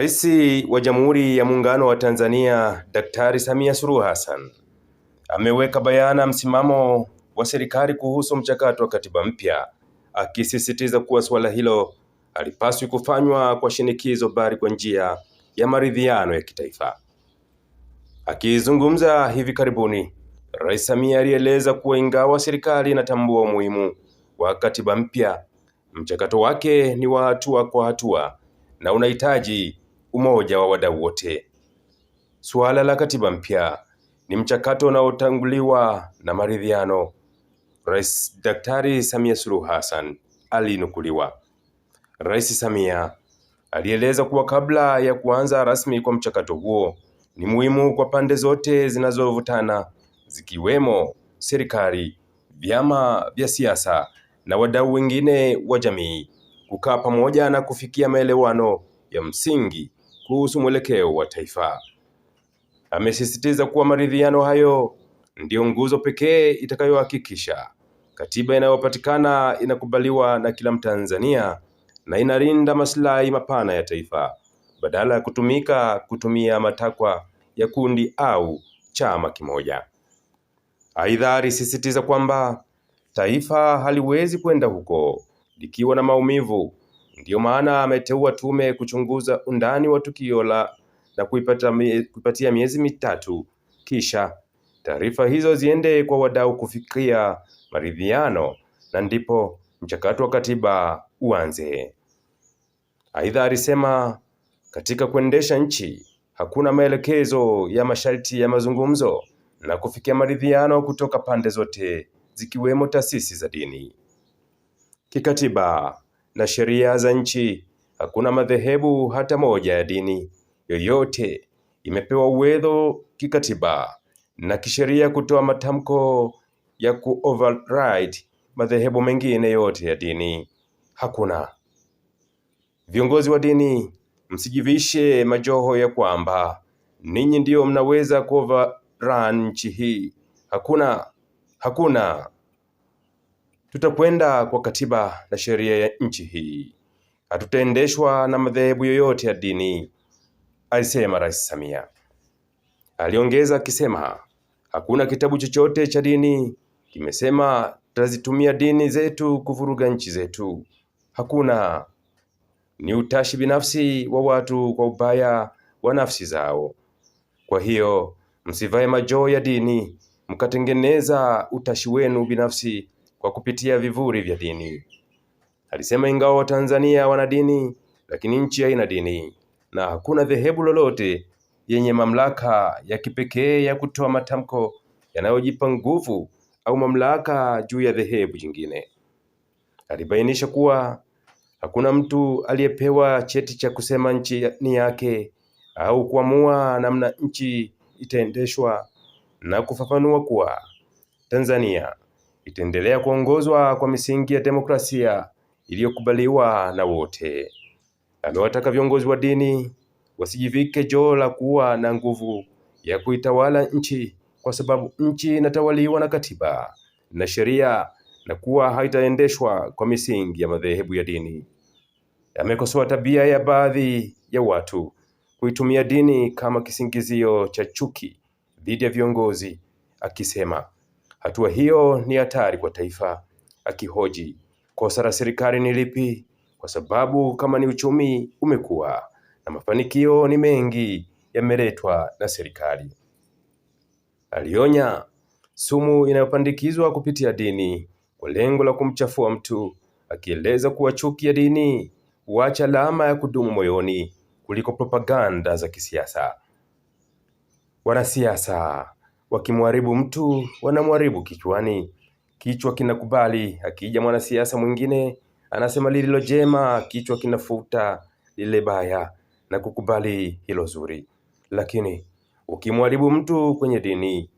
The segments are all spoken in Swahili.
Rais wa Jamhuri ya Muungano wa Tanzania Daktari Samia Suluhu Hassan ameweka bayana msimamo wa serikali kuhusu mchakato wa katiba mpya, akisisitiza kuwa suala hilo halipaswi kufanywa kwa shinikizo, bali kwa njia ya maridhiano ya kitaifa. Akizungumza hivi karibuni, Rais Samia alieleza kuwa ingawa serikali inatambua umuhimu wa katiba mpya, mchakato wake ni wa hatua kwa hatua na unahitaji umoja wa wadau wote. Suala la katiba mpya ni mchakato unaotanguliwa na maridhiano. Rais Daktari Samia Suluhu Hassan alinukuliwa. Rais Samia alieleza kuwa kabla ya kuanza rasmi kwa mchakato huo ni muhimu kwa pande zote zinazovutana zikiwemo serikali, vyama vya siasa na wadau wengine wa jamii kukaa pamoja na kufikia maelewano ya msingi kuhusu mwelekeo wa taifa. Amesisitiza kuwa maridhiano hayo ndiyo nguzo pekee itakayohakikisha katiba inayopatikana inakubaliwa na kila Mtanzania na inalinda maslahi mapana ya taifa badala ya kutumika kutumia matakwa ya kundi au chama kimoja. Aidha, alisisitiza kwamba taifa haliwezi kwenda huko likiwa na maumivu, Ndiyo maana ameteua tume kuchunguza undani wa tukio la na kuipata, kuipatia miezi mitatu, kisha taarifa hizo ziende kwa wadau kufikia maridhiano na ndipo mchakato wa katiba uanze. Aidha, alisema katika kuendesha nchi hakuna maelekezo ya masharti ya mazungumzo na kufikia maridhiano kutoka pande zote zikiwemo taasisi za dini. Kikatiba, na sheria za nchi. Hakuna madhehebu hata moja ya dini yoyote imepewa uwezo kikatiba na kisheria kutoa matamko ya ku override madhehebu mengine yote ya dini. Hakuna. Viongozi wa dini, msijivishe majoho ya kwamba ninyi ndio mnaweza ku overrun nchi hii. Hakuna, hakuna tutakwenda kwa katiba na sheria ya nchi hii, hatutaendeshwa na madhehebu yoyote ya dini, alisema Rais Samia. Aliongeza akisema hakuna kitabu chochote cha dini kimesema tutazitumia dini zetu kuvuruga nchi zetu. Hakuna, ni utashi binafsi wa watu kwa ubaya wa nafsi zao. Kwa hiyo msivae majoo ya dini mkatengeneza utashi wenu binafsi kwa kupitia vivuri vya dini. Alisema ingawa Watanzania wana dini, lakini nchi haina dini na hakuna dhehebu lolote yenye mamlaka ya kipekee ya kutoa matamko yanayojipa nguvu au mamlaka juu ya dhehebu jingine. Alibainisha kuwa hakuna mtu aliyepewa cheti cha kusema nchi ni yake au kuamua namna nchi itaendeshwa na kufafanua kuwa Tanzania itaendelea kuongozwa kwa misingi ya demokrasia iliyokubaliwa na wote. Amewataka viongozi wa dini wasijivike joo la kuwa na nguvu ya kuitawala nchi, kwa sababu nchi inatawaliwa na katiba na sheria na kuwa haitaendeshwa kwa misingi ya madhehebu ya dini. Amekosoa tabia ya baadhi ya watu kuitumia dini kama kisingizio cha chuki dhidi ya viongozi, akisema Hatua hiyo ni hatari kwa taifa, akihoji kosa la serikali ni lipi, kwa sababu kama ni uchumi umekuwa na mafanikio ni mengi yameletwa na serikali. Alionya sumu inayopandikizwa kupitia dini kwa lengo la kumchafua mtu, akieleza kuwa chuki ya dini huacha alama ya kudumu moyoni kuliko propaganda za kisiasa. Wanasiasa Wakimwharibu mtu wanamwharibu kichwani, kichwa kinakubali. Akija mwanasiasa mwingine anasema lililo jema, kichwa kinafuta lile baya na kukubali hilo zuri. Lakini ukimwharibu mtu kwenye dini,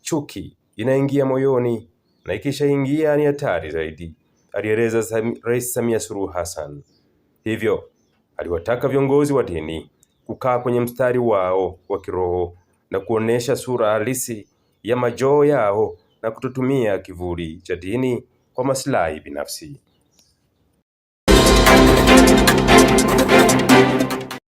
chuki inaingia moyoni na ikishaingia ni hatari zaidi, alieleza Rais Samia Suluhu Hassan. Hivyo aliwataka viongozi wa dini kukaa kwenye mstari wao wa kiroho na kuonesha sura halisi ya majoo yao na kututumia kivuli cha dini kwa maslahi binafsi.